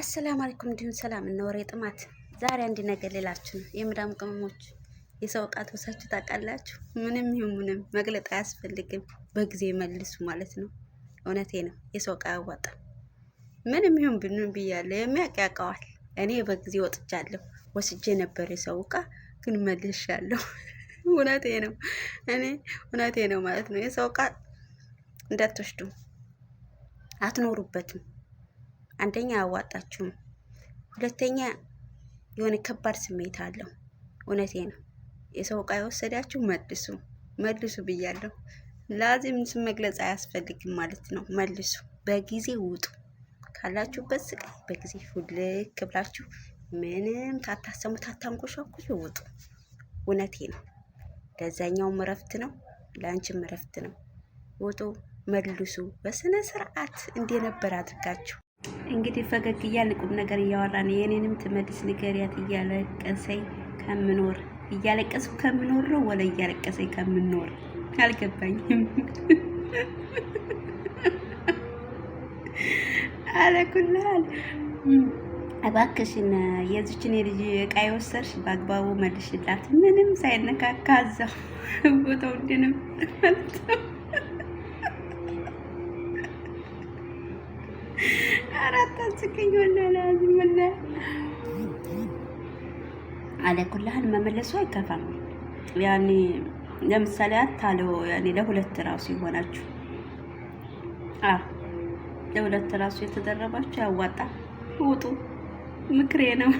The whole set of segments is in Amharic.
አሰላም አለይኩም እንዲሁም ሰላም እና ወሬ ጥማት። ዛሬ አንድ ነገር ልላችሁ ነው። የምዳም ቅመሞች የሰው እቃ ተወሳችሁ ታውቃላችሁ? ምንም ይሁን ምንም መግለጥ አያስፈልግም። በጊዜ መልሱ ማለት ነው። እውነቴ ነው። የሰው እቃ ያዋጣል። ምንም ይሁን ብንም ብያለሁ፣ የሚያውቅ ያውቀዋል። እኔ በጊዜ ወጥቻለሁ። ወስጄ ነበር የሰው እቃ ግን መልሻለሁ። እውነቴ ነው። እኔ እውነቴ ነው ማለት ነው። የሰው እቃ እንዳትወስዱ፣ አትኖሩበትም አንደኛ አያዋጣችሁም፣ ሁለተኛ የሆነ ከባድ ስሜት አለው። እውነቴ ነው። የሰው እቃ የወሰዳችሁ መልሱ፣ መልሱ ብያለሁ። ላዚም መግለጽ አያስፈልግም ማለት ነው። መልሱ፣ በጊዜ ውጡ ካላችሁበት ስቃይ በጊዜ ሁልክ ብላችሁ ምንም ታታሰሙ ታታንቆሻቁሽ ውጡ። እውነቴ ነው። ለዛኛውም እረፍት ነው፣ ለአንቺም እረፍት ነው። ውጡ፣ መልሱ በስነ ስርዓት እንደነበር አድርጋችሁ እንግዲህ ፈገግ እያልን ቁም ነገር እያወራን የኔንም ትመልስ ንገሪያት እያለቀሰኝ ከምኖር እያለቀስኩ ከምኖር ወለ እያለቀሰኝ ከምኖር አልገባኝም። አለኩልሃል እባክሽን የዚችን የልጅ እቃ የወሰድሽ በአግባቡ መልሽላት። ምንም ሳይነካካ እዛው ቦታው እንድንም ማለት አታስቀኝ። አለኩላህን መመለሱ አይከፋም። ያኔ ለምሳሌ አታለው ያኔ ለሁለት ራሱ ይሆናችሁ። አዎ ለሁለት ራሱ የተደረባችሁ ያዋጣ። ውጡ፣ ምክሬ ነው።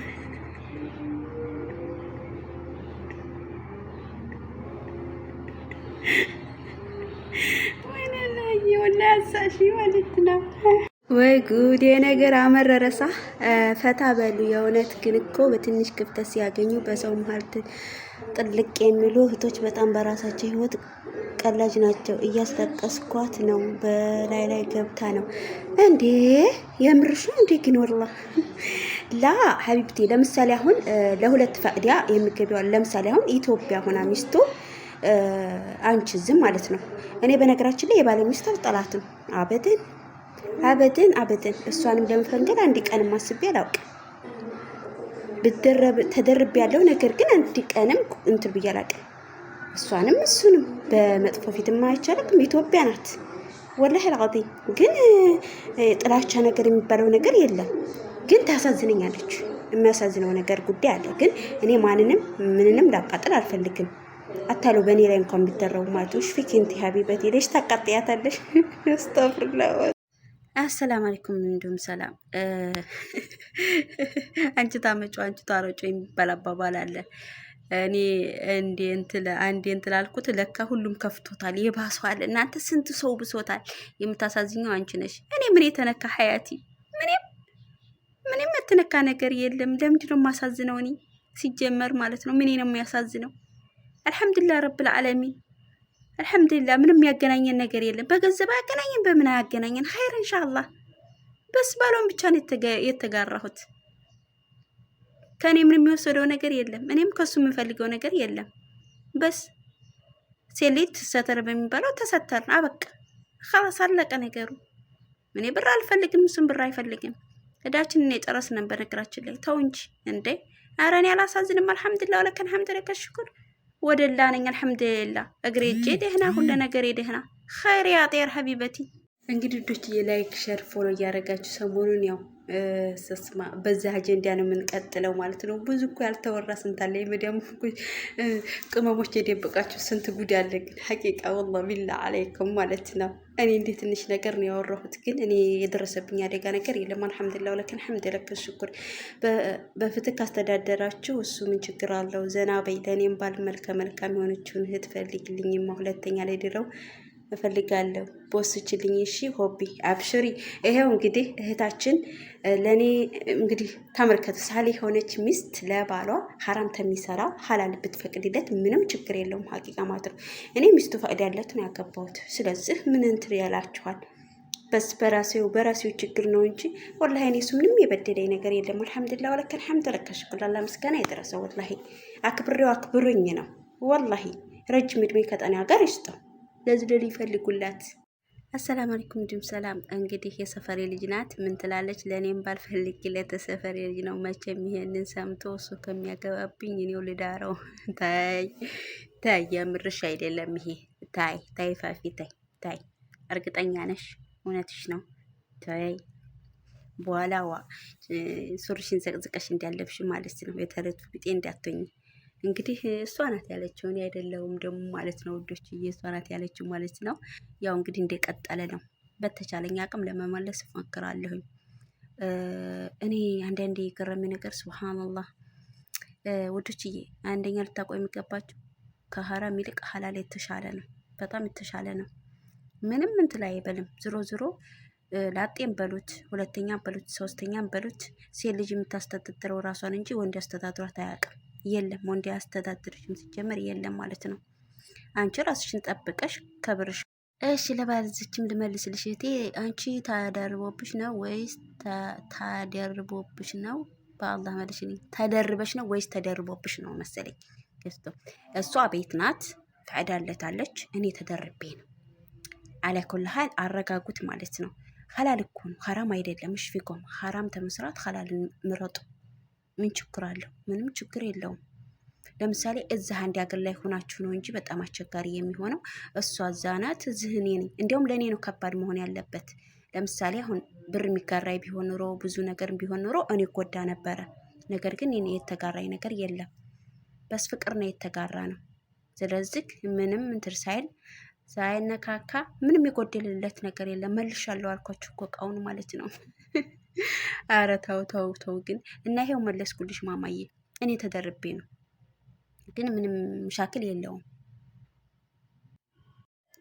ወይኔ ላይ ወላ ያሳሽ ማለት ነው። ወይ ጉድ! የነገር አመረረሳ ፈታ በሉ። የእውነት ግን እኮ በትንሽ ክፍተት ሲያገኙ በሰው መሀል ጥልቅ የሚሉ እህቶች በጣም በራሳቸው ህይወት ቀላጅ ናቸው። እያስጠቀስኳት ነው። በላይ ላይ ገብታ ነው እንዴ? የምርሹ እንዴ? ግኖርላ ላ ሀቢብቲ፣ ለምሳሌ አሁን ለሁለት ፈቅዲያ የሚገቢዋል። ለምሳሌ አሁን ኢትዮጵያ ሆና ሚስቱ አንቺ ዝም ማለት ነው። እኔ በነገራችን ላይ የባለ ሚስት ጠላት ነው። አበድን አበድን አበድን እሷንም ለመፈንገል አንድ ቀንም አስቤ አላውቅም። ብደረብ ተደርብ ያለው ነገር ግን አንድ ቀንም እንትን ብዬ እሷንም እሱንም በመጥፎ ፊትማ አይቻልም። ኢትዮጵያ ናት ወላህ አልዓዚ ግን ጥላቻ ነገር የሚባለው ነገር የለም። ግን ታሳዝነኛለች። የሚያሳዝነው ነገር ጉዳይ አለ። ግን እኔ ማንንም ምንንም ላቃጥል አልፈልግም። አታሎ በእኔ ላይ እንኳን ቢደረቡ ማለት ነው። ሽፊኪንቲ ሀቢበት ሄደሽ ታቃጥያታለሽ። አስተፍርላ አሰላም አለይኩም እንዲሁም ሰላም። አንቺ መጮ አንቺ ታረጪው የሚባል አባባል አለ። እኔ እንዴ እንትል አንዴ እንትል አልኩት፣ ለካ ሁሉም ከፍቶታል፣ የባሷል። እናንተ ስንት ሰው ብሶታል። የምታሳዝኘው አንቺ ነሽ። እኔ ምን የተነካ ሀያቲ ምንም ምንም የምትነካ ነገር የለም። ለምንድን ነው የማሳዝነው እኔ ሲጀመር ማለት ነው? ምን ነው የሚያሳዝነው? አልሐምዱሊላህ ረብል ዓለሚን አልሐምዱሊላህ ምንም ያገናኘን ነገር የለም። በገንዘብ አያገናኘን፣ በምን አያገናኘን። ሀይር እንሻአላህ በስ ባሏን ብቻ ነው የተጋራሁት። ከእኔ ምንም የሚወሰደው ነገር የለም። እኔም ከሱ የምንፈልገው ነገር የለም። በስ ሴሌት ትሰተር በሚባለው ተሰተርን። አበቃ ከላስ አለቀ ነገሩ። እኔ ብር አልፈልግም፣ እሱም ብር አይፈልግም። እዳችንን የጨረስን በነገራችን ላይ ተው እንጂ እንዴ! ኧረ እኔ አላሳዝንም። አልሐምዱሊላ ወለከን ሐምድ ለከሽኩር ወደላ ነኝ። አልሐምዱሊላ እግሬ እጄ ደህና፣ ሁለ ነገር ደህና። ኸይር ያጤር ሀቢበቲ። እንግዲህ ዶችዬ ላይክ፣ ሸር፣ ፎሎ እያደረጋችሁ ሰሞኑን ያው ስስማ በዛ አጀንዳ ነው የምንቀጥለው ማለት ነው። ብዙ እኮ ያልተወራ ስንት አለ። የመዲያም ቅመሞች የደበቃቸው ስንት ጉድ አለ። ግን ሀቂቃ ወላ ቢላ አለይኩም ማለት ነው። እኔ እንደ ትንሽ ነገር ነው ያወራሁት፣ ግን እኔ የደረሰብኝ አደጋ ነገር የለም። አልሐምዱሊላህ ወለከን ሐምድ ለከን ሽኩር። በፍትህ ካስተዳደራችሁ እሱ ምን ችግር አለው? ዘና በይ። ለእኔም ባል መልከ መልካም የሆነችውን እህት ፈልግልኝማ። ሁለተኛ ላይ ድረው እፈልጋለሁ ቦስችልኝ። እሺ ሆቢ አብሽሪ። ይሄው እንግዲህ እህታችን ለእኔ እንግዲህ ተመልከቱ፣ ሳሌ የሆነች ሚስት ለባሏ ሀራም ተሚሰራ ሀላል ብትፈቅድለት ምንም ችግር የለውም። ሀቂቃ ማለት ነው። እኔ ሚስቱ ፈቅድ ያለትን ያገባሁት። ስለዚህ ምን እንትን ያላችኋል? በስ በራሴው በራሴው ችግር ነው እንጂ ወላሂ እኔ እሱ ምንም የበደለኝ ነገር የለም። አልሐምዱላ ወለከን ሐምድ ለከሽ ኩላላ ምስጋና የደረሰው ወላሂ አክብሬው አክብሮኝ ነው ወላሂ ረጅም እድሜ ከጤና ጋር ይስጠው። ለዝደል ይፈልጉላት። አሰላም አለይኩም እንዲሁም ሰላም። እንግዲህ የሰፈሬ ልጅ ናት። ምን ትላለች? ለእኔም ባልፈልግለት የሰፈሬ ልጅ ነው። መቼም ይሄንን ሰምቶ እሱ ከሚያገባብኝ እኔው ልዳረው። ታይ ታይ፣ የምርሽ አይደለም ይሄ። ታይ ታይ፣ ፋፊ ታይ ታይ፣ እርግጠኛ ነሽ? እውነትሽ ነው? ታይ በኋላ ዋ ሱርሽን ዘቅዝቀሽ እንዳለብሽ ማለት ነው። የተረቱ ቢጤ እንዳትሆኝ እንግዲህ እሷ ናት ያለችው እኔ አይደለሁም ደግሞ ማለት ነው ውዶች፣ እሷ ናት ያለችው ማለት ነው። ያው እንግዲህ እንደቀጠለ ነው። በተቻለኝ አቅም ለመመለስ እሞክራለሁኝ። እኔ አንዳንዴ የገረመኝ ነገር ሱብሃነላህ ውዶችዬ፣ አንደኛ ልታቆ የሚገባችው ከሀራም ይልቅ ሀላል የተሻለ ነው፣ በጣም የተሻለ ነው። ምንም እንትን ላይ አይበልም። ዝሮ ዝሮ ላጤም በሉት ሁለተኛ በሉት ሶስተኛም በሉት ሴት ልጅ የምታስተዳድረው ራሷን እንጂ ወንድ አስተዳድሯት አያውቅም። የለም ወንድ ያስተዳድርሽም ሲጀመር የለም ማለት ነው። አንቺ ራስሽን ጠብቀሽ ከብርሽ እሺ ለባለዚችም ልመልስልሽ እህቴ፣ አንቺ ታደርቦብሽ ነው ወይስ ታደርቦብሽ ነው? በአላህ መልሽ፣ ተደርበሽ ነው ወይስ ተደርቦብሽ ነው መሰለኝ። ገዝቶ እሷ ቤት ናት ትዕዳለታለች። እኔ ተደርቤ ነው አለኩልሃል። አረጋጉት ማለት ነው። ሀላል እኮ ነው፣ ሀራም አይደለም። እሺ ፊኮም ሀራም ተመስራት ሀላል ምረጡ። ምን ችግር አለው? ምንም ችግር የለውም። ለምሳሌ እዛ አንድ ሀገር ላይ ሆናችሁ ነው እንጂ በጣም አስቸጋሪ የሚሆነው እሷ እዛ ናት፣ እዚህ እኔ ነኝ። እንዲያውም ለእኔ ነው ከባድ መሆን ያለበት። ለምሳሌ አሁን ብር የሚጋራኝ ቢሆን ኑሮ ብዙ ነገር ቢሆን ኑሮ እኔ ጎዳ ነበረ። ነገር ግን እኔ የተጋራኝ ነገር የለም። በስ ፍቅር ነው የተጋራ ነው። ስለዚህ ምንም እንትር ሳይል ሳይነካካ ምንም የጎደልለት ነገር የለም። መልሻለሁ አልኳችሁ እኮ እቃውን ማለት ነው። አረ ተው ተው ተው ግን እና ይሄው መለስኩልሽ ማማዬ። እኔ ተደርቤ ነው ግን ምንም ምሻክል የለውም።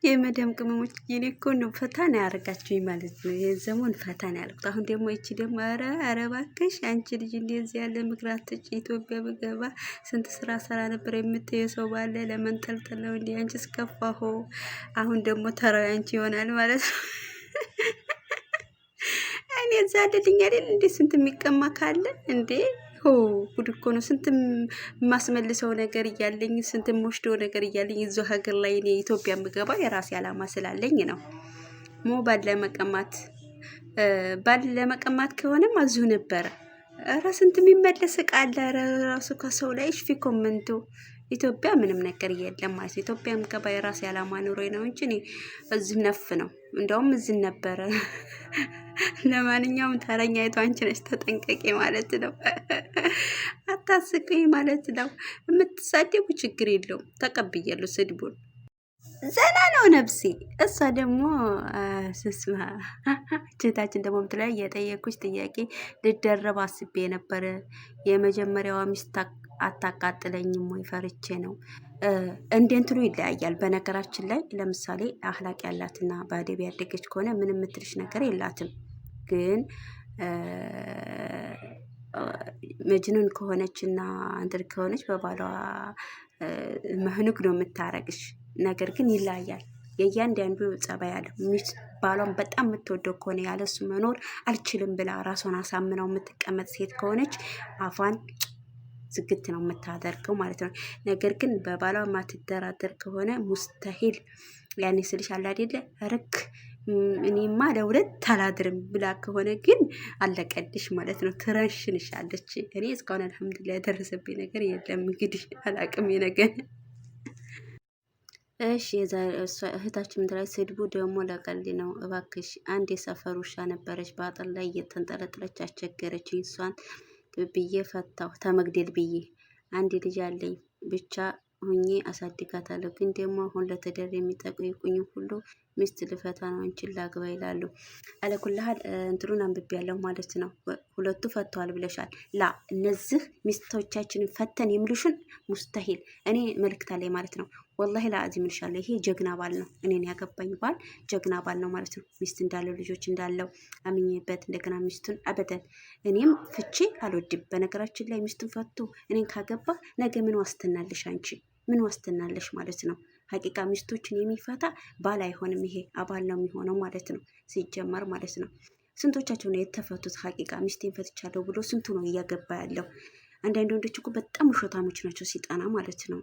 የመደም ቅመሞች የኔ እኮ ነው ፈታን ያደርጋችሁኝ ማለት ነው። የዘመን ፈታን ያልኩት አሁን ደግሞ እቺ ደግሞ ኧረ ኧረ እባክሽ አንቺ ልጅ እንደዚህ ያለ ምክራት ትጭ ኢትዮጵያ ብገባ ስንት ስራ ሰራ ነበር የምትየው ሰው ባለ ለመንጠልጠል ነው እንዲህ አንቺ እስከፋሁ። አሁን ደግሞ ተራው አንቺ ይሆናል ማለት ነው። ያዛልልኝ አይደል እንዴ? ስንት የሚቀማ ካለ እንዴ ጉድ እኮ ነው። ስንት የማስመልሰው ነገር እያለኝ ስንት የምወስደው ነገር እያለኝ እዚሁ ሀገር ላይ እኔ ኢትዮጵያ የምገባ የራሴ አላማ ስላለኝ ነው። ሞባል ለመቀማት ባል ለመቀማት ከሆነም አዙ ነበረ። ኧረ ስንት የሚመለስ ዕቃ አለ ራሱ ከሰው ላይ ሽፊ ኮመንቱ ኢትዮጵያ ምንም ነገር የለም ማለት ኢትዮጵያ የምገባ የራሴ አላማ ኑሮ ነው እንጂ እኔ እዚህ ነፍ ነው እንደውም እዝን ነበረ። ለማንኛውም ተረኛ የቷ አንቺ ነች፣ ተጠንቀቂ ማለት ነው። አታስቀኝ ማለት ነው። የምትሳደቡ ችግር የለውም ተቀብያለሁ ስድቡን። ዘና ነው ነፍሴ። እሷ ደግሞ ስስማ ችታችን ደግሞ ምትለያይ የጠየኩች ጥያቄ ልደረብ አስቤ ነበረ። የመጀመሪያዋ ሚስት አታቃጥለኝም ወይ ፈርቼ ነው እንደ እንትኑ ይለያያል። በነገራችን ላይ ለምሳሌ አህላቅ ያላትና በአደብ ያደገች ከሆነ ምን የምትልሽ ነገር የላትም። ግን መጅኑን ከሆነችና አንድር ከሆነች በባሏ መህኑክ ነው የምታረግሽ። ነገር ግን ይለያያል። የእያንዳንዱ ጸባይ አለ። ባሏን በጣም የምትወደው ከሆነ ያለሱ መኖር አልችልም ብላ ራሷን አሳምነው የምትቀመጥ ሴት ከሆነች አፏን ዝግት ነው የምታደርገው ማለት ነው። ነገር ግን በባሏ ማትደራደር ከሆነ ሙስተሂል ያኔ ስልሽ አለ አይደለ ረክ እኔማ ለሁለት አላድርም ብላ ከሆነ ግን አለቀልሽ ማለት ነው። ትረሽንሻለች። እኔ እስካሁን አልሐምዱሊላህ የደረሰብኝ ነገር የለም። እንግዲህ አላቅም የነገር እሺ እህታችን ምትላይ ስድቡ ደግሞ ለቀል ነው። እባክሽ አንድ የሰፈር ውሻ ነበረች፣ በአጥር ላይ እየተንጠለጠለች አስቸገረችኝ እሷን ብዬ ፈታሁ ተመግደል ብዬ። አንድ ልጅ አለኝ ብቻ ሁኜ አሳድጋታለሁ። ግን ደግሞ አሁን ለትዳር የሚጠይቁኝ ሁሉ ሚስት ልፈታ ነው አንቺን ላግባ ይላሉ። አለኩልሃል እንትኑን አንብቤያለሁ ማለት ነው። ሁለቱ ፈተዋል ብለሻል። ላ እነዚህ ሚስቶቻችንን ፈተን የሚሉሽን ሙስተሂል እኔ መልክታ ላይ ማለት ነው ወላሂ ለአዚም እንሻላ ይሄ ጀግና ባል ነው። እኔን ያገባኝ ባል ጀግና ባል ነው ማለት ነው። ሚስት እንዳለው ልጆች እንዳለው አምኜበት እንደገና ሚስቱን አበደን እኔም ፍቺ አልወድም። በነገራችን ላይ ሚስቱን ፈቶ እኔን ካገባ ነገ ምን ዋስትናለሽ አንቺ ምን ዋስትናለሽ ማለት ነው። ሀቂቃ ሚስቶችን የሚፈታ ባል አይሆንም። ይሄ አባል ነው የሚሆነው ማለት ነው ሲጀመር ማለት ነው። ስንቶቻቸው ነው የተፈቱት? ሀቂቃ ሚስቴን ፈትቻለሁ ብሎ ስንቱ ነው እያገባ ያለው? አንዳንድ ወንዶች እኮ በጣም ውሸታሞች ናቸው፣ ሲጠና ማለት ነው።